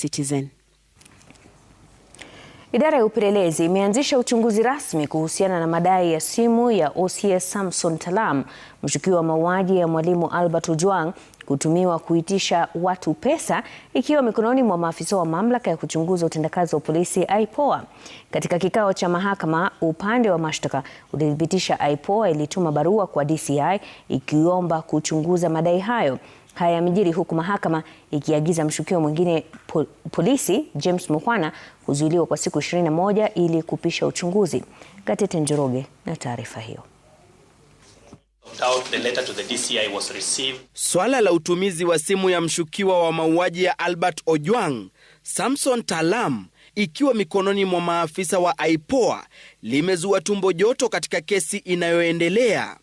Citizen. Idara ya upelelezi imeanzisha uchunguzi rasmi kuhusiana na madai ya simu ya OCS Samson Talam, mshukiwa wa mauaji ya mwalimu Albert Ojwang kutumiwa kuitisha watu pesa ikiwa mikononi mwa maafisa wa mamlaka ya kuchunguza utendakazi wa polisi IPOA. Katika kikao cha mahakama, upande wa mashtaka ulithibitisha IPOA ilituma barua kwa DCI ikiomba kuchunguza madai hayo. Haya yamejiri huku mahakama ikiagiza mshukiwa mwingine polisi James Mukhwana kuzuiliwa kwa siku 21 ili kupisha uchunguzi. Gatete Njoroge na taarifa hiyo doubt the letter to the DCI was received. Swala la utumizi wa simu ya mshukiwa wa mauaji ya Albert Ojwang, Samson Talam, ikiwa mikononi mwa maafisa wa IPOA limezua tumbo joto katika kesi inayoendelea.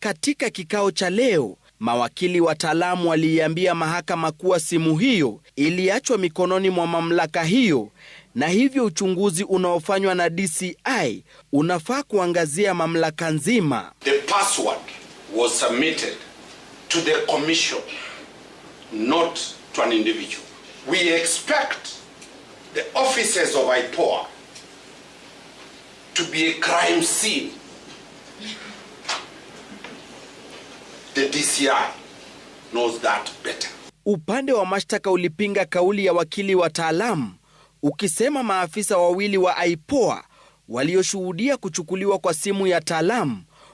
Katika kikao cha leo, mawakili wa Talam waliiambia mahakama kuwa simu hiyo iliachwa mikononi mwa mamlaka hiyo na hivyo uchunguzi unaofanywa na DCI unafaa kuangazia mamlaka nzima. The password was submitted to the commission, not to an individual. We expect the officers of IPOA to be a crime scene. The DCI knows that better. Upande wa mashtaka ulipinga kauli ya wakili wataalamu ukisema maafisa wawili wa IPOA walioshuhudia kuchukuliwa kwa simu ya taalamu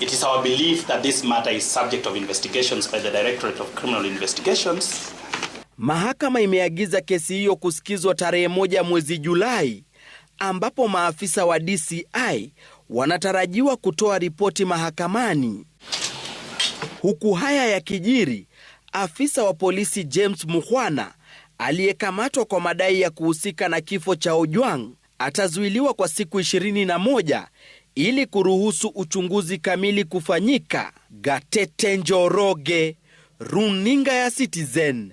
It is our belief that this matter is subject of investigations by the Directorate of Criminal Investigations. Mahakama imeagiza kesi hiyo kusikizwa tarehe moja mwezi Julai ambapo maafisa wa DCI wanatarajiwa kutoa ripoti mahakamani. Huku haya ya kijiri afisa wa polisi James Mukhwana aliyekamatwa kwa madai ya kuhusika na kifo cha Ojwang atazuiliwa kwa siku 21 ili kuruhusu uchunguzi kamili kufanyika. Gatete Njoroge, runinga ya Citizen.